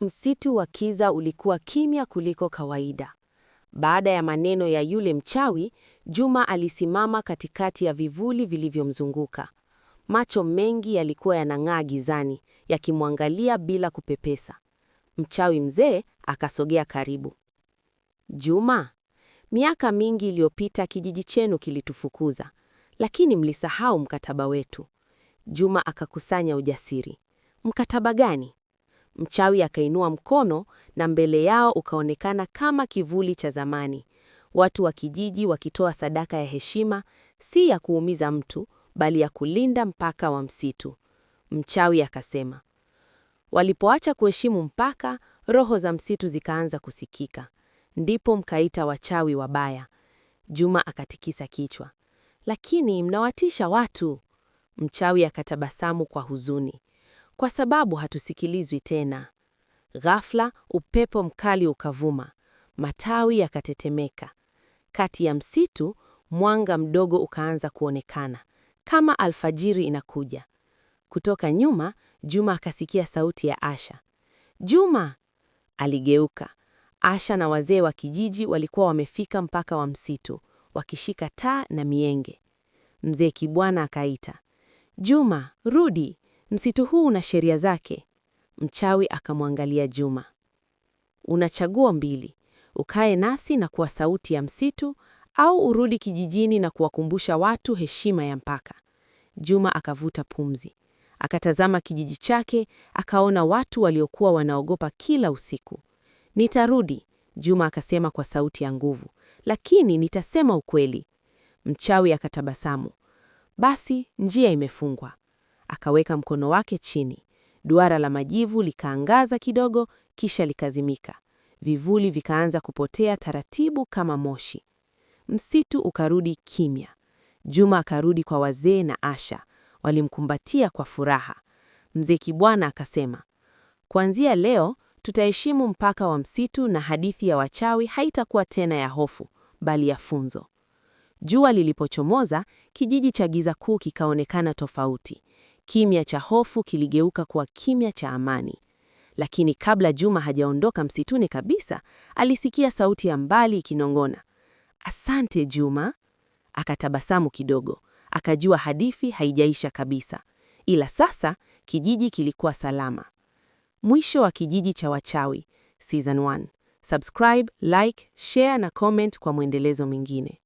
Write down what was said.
Msitu wa Kiza ulikuwa kimya kuliko kawaida. Baada ya maneno ya yule mchawi, Juma alisimama katikati ya vivuli vilivyomzunguka. Macho mengi yalikuwa yanang'aa gizani, yakimwangalia bila kupepesa. Mchawi mzee akasogea karibu. Juma, miaka mingi iliyopita kijiji chenu kilitufukuza, lakini mlisahau mkataba wetu. Juma akakusanya ujasiri. Mkataba gani? Mchawi akainua mkono na mbele yao ukaonekana kama kivuli cha zamani, watu wa kijiji wakitoa sadaka ya heshima, si ya kuumiza mtu, bali ya kulinda mpaka wa msitu. Mchawi akasema. Walipoacha kuheshimu mpaka, roho za msitu zikaanza kusikika. Ndipo mkaita wachawi wabaya. Juma akatikisa kichwa. Lakini mnawatisha watu. Mchawi akatabasamu kwa huzuni kwa sababu hatusikilizwi tena. Ghafla upepo mkali ukavuma, matawi yakatetemeka. Kati ya msitu mwanga mdogo ukaanza kuonekana kama alfajiri inakuja. Kutoka nyuma, Juma akasikia sauti ya Asha. Juma aligeuka. Asha na wazee wa kijiji walikuwa wamefika mpaka wa msitu wakishika taa na mienge. Mzee Kibwana akaita, Juma, rudi, Msitu huu una sheria zake. Mchawi akamwangalia Juma. Unachagua mbili, ukae nasi na kuwa sauti ya msitu au urudi kijijini na kuwakumbusha watu heshima ya mpaka. Juma akavuta pumzi, akatazama kijiji chake, akaona watu waliokuwa wanaogopa kila usiku. Nitarudi, Juma akasema kwa sauti ya nguvu, lakini nitasema ukweli. Mchawi akatabasamu. Basi njia imefungwa. Akaweka mkono wake chini, duara la majivu likaangaza kidogo, kisha likazimika. Vivuli vikaanza kupotea taratibu kama moshi. Msitu ukarudi kimya. Juma akarudi kwa wazee na Asha, walimkumbatia kwa furaha. Mzee Kibwana akasema, kuanzia leo tutaheshimu mpaka wa msitu na hadithi ya wachawi haitakuwa tena ya hofu, bali ya funzo. Jua lilipochomoza, kijiji cha Giza Kuu kikaonekana tofauti. Kimya cha hofu kiligeuka kuwa kimya cha amani. Lakini kabla Juma hajaondoka msituni kabisa, alisikia sauti ya mbali ikinong'ona, asante Juma. Akatabasamu kidogo, akajua hadithi haijaisha kabisa, ila sasa kijiji kilikuwa salama. Mwisho wa Kijiji cha Wachawi Season 1. Subscribe, like, share na comment kwa mwendelezo mwingine.